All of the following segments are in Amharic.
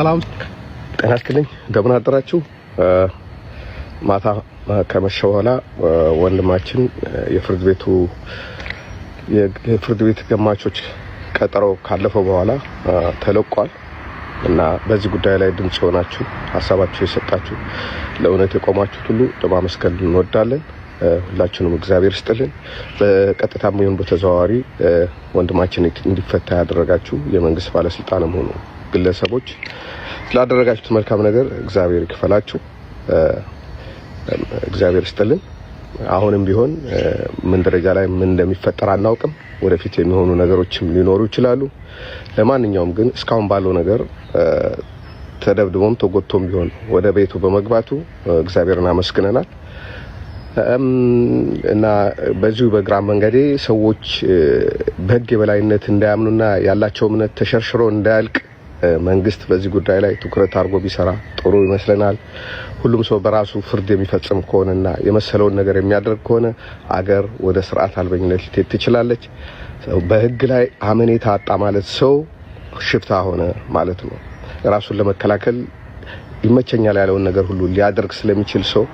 ሰላም ጤና ይስጥልኝ። እንደምን አደራችሁ። ማታ ከመሸ በኋላ ወንድማችን የፍርድ ቤቱ የፍርድ ቤት ገማቾች ቀጠሮ ካለፈው በኋላ ተለቋል እና በዚህ ጉዳይ ላይ ድምጽ የሆናችሁ ሀሳባችሁ የሰጣችሁ ለእውነት የቆማችሁት ሁሉ ለማመስገን እንወዳለን። ሁላችንም እግዚአብሔር ይስጥልን። በቀጥታም ይሁን በተዘዋዋሪ ወንድማችን እንዲፈታ ያደረጋችሁ የመንግስት ባለስልጣንም ሆኑ ግለሰቦች ስላደረጋችሁት መልካም ነገር እግዚአብሔር ይክፈላችሁ፣ እግዚአብሔር ይስጥልን። አሁንም ቢሆን ምን ደረጃ ላይ ምን እንደሚፈጠር አናውቅም። ወደፊት የሚሆኑ ነገሮችም ሊኖሩ ይችላሉ። ለማንኛውም ግን እስካሁን ባለው ነገር ተደብድቦም ተጎድቶም ቢሆን ወደ ቤቱ በመግባቱ እግዚአብሔርን አመስግነናል እና በዚሁ በግራ መንገዴ ሰዎች በሕግ የበላይነት እንዳያምኑና ያላቸው እምነት ተሸርሽሮ እንዳያልቅ መንግስት በዚህ ጉዳይ ላይ ትኩረት አድርጎ ቢሰራ ጥሩ ይመስለናል። ሁሉም ሰው በራሱ ፍርድ የሚፈጽም ከሆነና የመሰለውን ነገር የሚያደርግ ከሆነ አገር ወደ ስርዓት አልበኝነት ልትሄድ ትችላለች። በህግ ላይ አመኔታ አጣ ማለት ሰው ሽፍታ ሆነ ማለት ነው። ራሱን ለመከላከል ይመቸኛል ያለውን ነገር ሁሉ ሊያደርግ ስለሚችል ሰው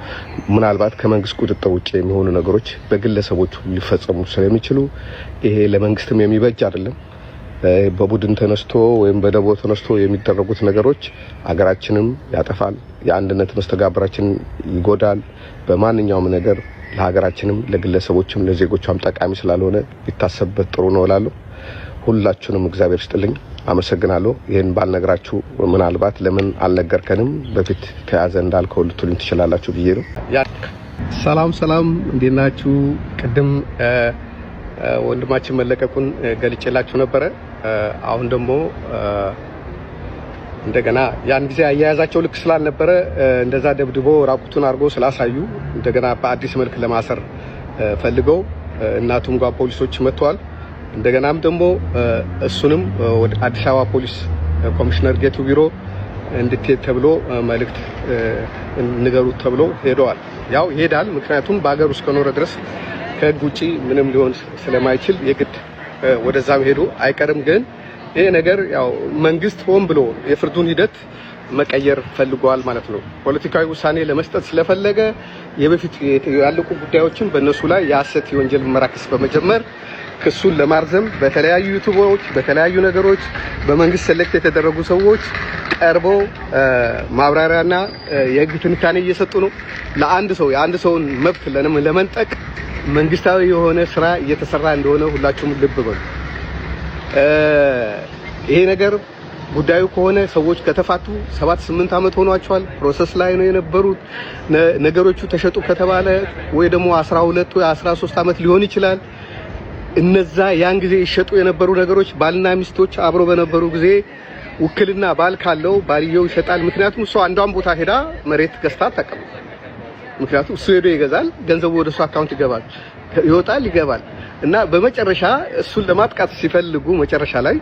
ምናልባት ከመንግስት ቁጥጥር ውጭ የሚሆኑ ነገሮች በግለሰቦች ሊፈጸሙ ስለሚችሉ ይሄ ለመንግስትም የሚበጅ አይደለም። በቡድን ተነስቶ ወይም በደቦ ተነስቶ የሚደረጉት ነገሮች አገራችንም ያጠፋል፣ የአንድነት መስተጋብራችን ይጎዳል። በማንኛውም ነገር ለሀገራችንም፣ ለግለሰቦችም፣ ለዜጎቿም ጠቃሚ ስላልሆነ ቢታሰብበት ጥሩ ነው እላለሁ። ሁላችሁንም እግዚአብሔር ስጥልኝ፣ አመሰግናለሁ። ይህን ባልነግራችሁ ምናልባት ለምን አልነገርከንም በፊት ተያዘ እንዳልከው ልትሉኝ ትችላላችሁ ብዬ ነው። ሰላም ሰላም፣ እንዴት ናችሁ? ቅድም ወንድማችን መለቀቁን ገልጬላችሁ ነበረ። አሁን ደግሞ እንደገና ያን ጊዜ አያያዛቸው ልክ ስላልነበረ እንደዛ ደብድቦ ራቁቱን አድርጎ ስላሳዩ እንደገና በአዲስ መልክ ለማሰር ፈልገው እናቱም ጋር ፖሊሶች መጥተዋል። እንደገናም ደግሞ እሱንም ወደ አዲስ አበባ ፖሊስ ኮሚሽነር ጌቱ ቢሮ እንድትሄድ ተብሎ መልእክት ንገሩት ተብሎ ሄደዋል። ያው ይሄዳል። ምክንያቱም በሀገር ውስጥ ከኖረ ድረስ ከህግ ውጪ ምንም ሊሆን ስለማይችል የግድ ወደዛ ሄዱ አይቀርም። ግን ይሄ ነገር ያው መንግስት ሆን ብሎ የፍርዱን ሂደት መቀየር ፈልጓል ማለት ነው። ፖለቲካዊ ውሳኔ ለመስጠት ስለፈለገ የበፊት ያለቁ ጉዳዮችን በእነሱ ላይ የሀሰት የወንጀል መራክስ በመጀመር ክሱን ለማርዘም በተለያዩ ዩቱቦች በተለያዩ ነገሮች በመንግስት ሰለክት የተደረጉ ሰዎች ቀርበው ማብራሪያና የህግ ትንታኔ እየሰጡ ነው። ለአንድ ሰው የአንድ ሰውን መብት ለመንጠቅ መንግስታዊ የሆነ ስራ እየተሰራ እንደሆነ ሁላችሁም ልብ በሉ። ይሄ ነገር ጉዳዩ ከሆነ ሰዎች ከተፋቱ ሰባት ስምንት ዓመት ሆኗቸዋል። ፕሮሰስ ላይ ነው የነበሩት። ነገሮቹ ተሸጡ ከተባለ ወይ ደግሞ 12 ወይ 13 ዓመት ሊሆን ይችላል። እነዛ ያን ጊዜ ይሸጡ የነበሩ ነገሮች ባልና ሚስቶች አብሮ በነበሩ ጊዜ ውክልና ባል ካለው ባልየው ይሸጣል። ምክንያቱም እሷ አንዷን ቦታ ሄዳ መሬት ገዝታ አታውቅም። ምክንያቱም እሱ ሄዶ ይገዛል፣ ገንዘቡ ወደ እሱ አካውንት ይገባል፣ ይወጣል፣ ይገባል እና በመጨረሻ እሱን ለማጥቃት ሲፈልጉ መጨረሻ ላይ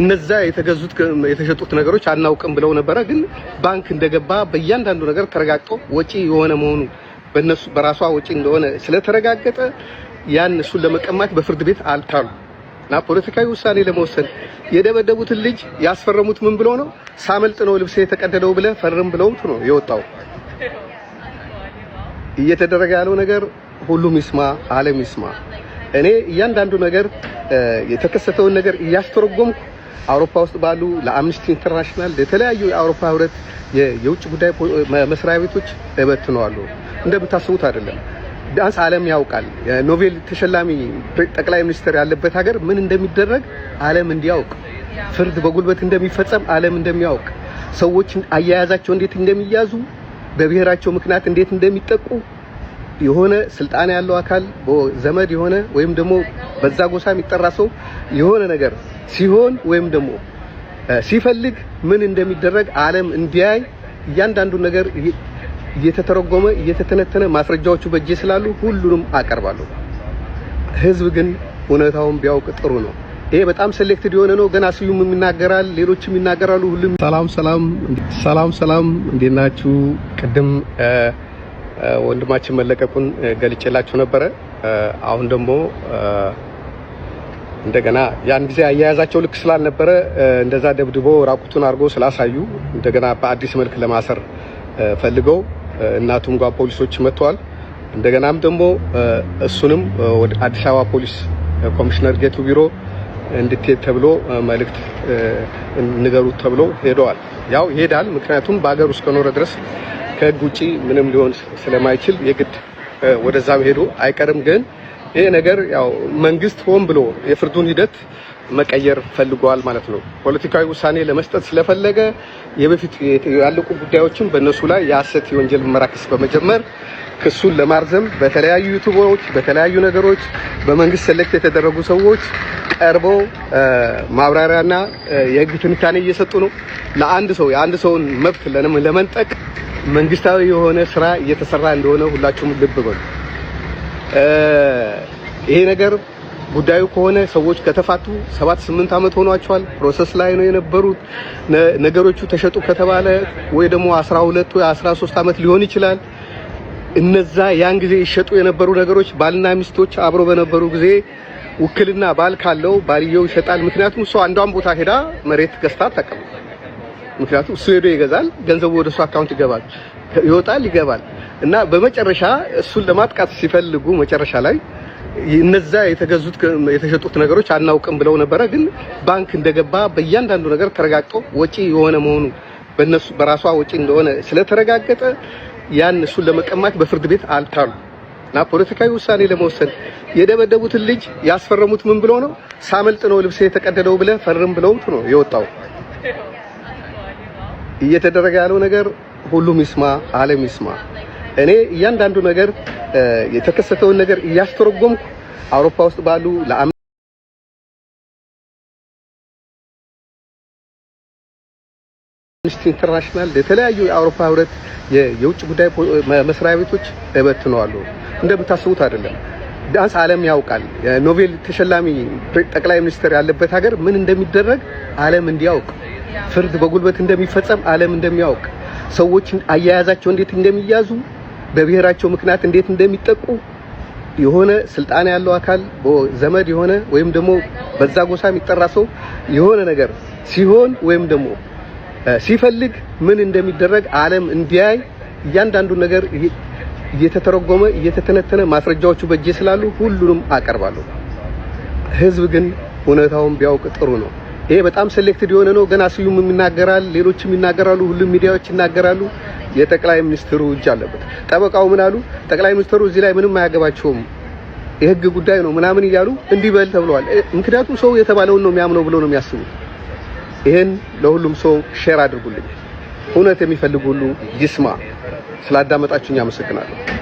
እነዛ የተገዙት የተሸጡት ነገሮች አናውቅም ብለው ነበረ። ግን ባንክ እንደገባ በእያንዳንዱ ነገር ተረጋግጦ ወጪ የሆነ መሆኑ በነሱ በራሷ ወጪ እንደሆነ ስለተረጋገጠ ያን እሱን ለመቀማት በፍርድ ቤት አልታሉ እና ፖለቲካዊ ውሳኔ ለመወሰን የደበደቡትን ልጅ ያስፈረሙት ምን ብሎ ነው? ሳመልጥ ነው ልብስ የተቀደደው ብለ ፈርም ብለውት ነው የወጣው። እየተደረገ ያለው ነገር ሁሉም ይስማ፣ ዓለም ይስማ። እኔ እያንዳንዱ ነገር የተከሰተውን ነገር እያስተረጎምኩ አውሮፓ ውስጥ ባሉ ለአምነስቲ ኢንተርናሽናል ለተለያዩ የአውሮፓ ህብረት የውጭ ጉዳይ መስሪያ ቤቶች እበትነዋለሁ። እንደምታስቡት አይደለም። ቢያንስ ዓለም ያውቃል። የኖቤል ተሸላሚ ጠቅላይ ሚኒስትር ያለበት ሀገር ምን እንደሚደረግ ዓለም እንዲያውቅ፣ ፍርድ በጉልበት እንደሚፈጸም ዓለም እንደሚያውቅ፣ ሰዎች አያያዛቸው እንዴት እንደሚያዙ፣ በብሔራቸው ምክንያት እንዴት እንደሚጠቁ የሆነ ስልጣን ያለው አካል ዘመድ የሆነ ወይም ደግሞ በዛ ጎሳ የሚጠራ ሰው የሆነ ነገር ሲሆን ወይም ደግሞ ሲፈልግ ምን እንደሚደረግ ዓለም እንዲያይ እያንዳንዱ ነገር እየተተረጎመ እየተተነተነ ማስረጃዎቹ በእጄ ስላሉ ሁሉንም አቀርባለሁ። ህዝብ ግን እውነታውን ቢያውቅ ጥሩ ነው። ይሄ በጣም ሴሌክትድ የሆነ ነው። ገና ስዩም ይናገራል፣ ሌሎችም ይናገራሉ። ሁሉም ሰላም ሰላም ሰላም ሰላም፣ እንዴት ናችሁ? ቅድም ወንድማችን መለቀቁን ገልጬላችሁ ነበረ። አሁን ደግሞ እንደገና ያን ጊዜ አያያዛቸው ልክ ስላልነበረ እንደዛ ደብድቦ ራቁቱን አድርጎ ስላሳዩ እንደገና በአዲስ መልክ ለማሰር ፈልገው እናቱም ጋር ፖሊሶች መጥተዋል። እንደገናም ደግሞ እሱንም ወደ አዲስ አበባ ፖሊስ ኮሚሽነር ጌቱ ቢሮ እንድትሄድ ተብሎ መልእክት ንገሩት ተብሎ ሄደዋል። ያው ይሄዳል። ምክንያቱም በሀገር ውስጥ ከኖረ ድረስ ከህግ ውጪ ምንም ሊሆን ስለማይችል የግድ ወደዛም ሄዶ አይቀርም። ግን ይሄ ነገር ያው መንግስት ሆን ብሎ የፍርዱን ሂደት መቀየር ፈልጓል ማለት ነው። ፖለቲካዊ ውሳኔ ለመስጠት ስለፈለገ የበፊት ያለቁ ጉዳዮችን በእነሱ ላይ የሐሰት የወንጀል ምርመራ ክስ በመጀመር ክሱን ለማርዘም በተለያዩ ዩቱቦች፣ በተለያዩ ነገሮች በመንግስት ሴሌክት የተደረጉ ሰዎች ቀርበው ማብራሪያና የህግ ትንታኔ እየሰጡ ነው። ለአንድ ሰው የአንድ ሰውን መብት ለመንጠቅ መንግስታዊ የሆነ ስራ እየተሰራ እንደሆነ ሁላችሁም ልብ በሉ። ይሄ ነገር ጉዳዩ ከሆነ ሰዎች ከተፋቱ ሰባት ስምንት ዓመት ሆኗቸዋል። ፕሮሰስ ላይ ነው የነበሩት። ነገሮቹ ተሸጡ ከተባለ ወይ ደግሞ 12 ወይ 13 ዓመት ሊሆን ይችላል። እነዛ ያን ጊዜ ይሸጡ የነበሩ ነገሮች ባልና ሚስቶች አብሮ በነበሩ ጊዜ ውክልና ባል ካለው ባልየው ይሸጣል። ምክንያቱም እሷ አንዷን ቦታ ሄዳ መሬት ገዝታ አታውቅም። ምክንያቱም እሱ ሄዶ ይገዛል፣ ገንዘቡ ወደ እሱ አካውንት ይገባል፣ ይወጣል፣ ይገባል እና በመጨረሻ እሱን ለማጥቃት ሲፈልጉ መጨረሻ ላይ እነዛ የተገዙት የተሸጡት ነገሮች አናውቅም ብለው ነበረ። ግን ባንክ እንደገባ በእያንዳንዱ ነገር ተረጋግጦ ወጪ የሆነ መሆኑ በነሱ በራሷ ወጪ እንደሆነ ስለተረጋገጠ ያን እሱን ለመቀማት በፍርድ ቤት አልታሉ እና ፖለቲካዊ ውሳኔ ለመወሰን የደበደቡትን ልጅ ያስፈረሙት ምን ብሎ ነው? ሳመልጥ ነው ልብስ የተቀደደው ብለ ፈርም ብለውት ነው የወጣው። እየተደረገ ያለው ነገር ሁሉም ይስማ፣ ዓለም ይስማ። እኔ እያንዳንዱ ነገር የተከሰተውን ነገር እያስተረጎምኩ አውሮፓ ውስጥ ባሉ ለአም አምነስቲ ኢንተርናሽናል ለተለያዩ የአውሮፓ ህብረት የውጭ ጉዳይ መስሪያ ቤቶች እበትነዋለሁ። እንደምታስቡት አይደለም። ዳንስ ዓለም ያውቃል። ኖቤል ተሸላሚ ጠቅላይ ሚኒስትር ያለበት ሀገር ምን እንደሚደረግ ዓለም እንዲያውቅ፣ ፍርድ በጉልበት እንደሚፈጸም ዓለም እንደሚያውቅ፣ ሰዎች አያያዛቸው እንዴት እንደሚያዙ በብሔራቸው ምክንያት እንዴት እንደሚጠቁ የሆነ ስልጣን ያለው አካል ዘመድ የሆነ ወይም ደግሞ በዛ ጎሳ የሚጠራ ሰው የሆነ ነገር ሲሆን ወይም ደግሞ ሲፈልግ ምን እንደሚደረግ ዓለም እንዲያይ እያንዳንዱ ነገር እየተተረጎመ እየተተነተነ ማስረጃዎቹ በእጄ ስላሉ ሁሉንም አቀርባለሁ። ህዝብ ግን እውነታውን ቢያውቅ ጥሩ ነው። ይሄ በጣም ሴሌክትድ የሆነ ነው። ገና ስዩም ይናገራል፣ ሌሎችም ይናገራሉ፣ ሁሉም ሚዲያዎች ይናገራሉ። የጠቅላይ ሚኒስትሩ እጅ አለበት። ጠበቃው ምን አሉ? ጠቅላይ ሚኒስትሩ እዚህ ላይ ምንም አያገባቸውም የህግ ጉዳይ ነው ምናምን እያሉ እንዲበል ተብለዋል። ምክንያቱም ሰው የተባለውን ነው የሚያምነው ብሎ ነው የሚያስቡት። ይህን ለሁሉም ሰው ሼር አድርጉልኝ። እውነት የሚፈልጉሉ ሁሉ ይስማ። ስላዳመጣችሁኝ አመሰግናለሁ።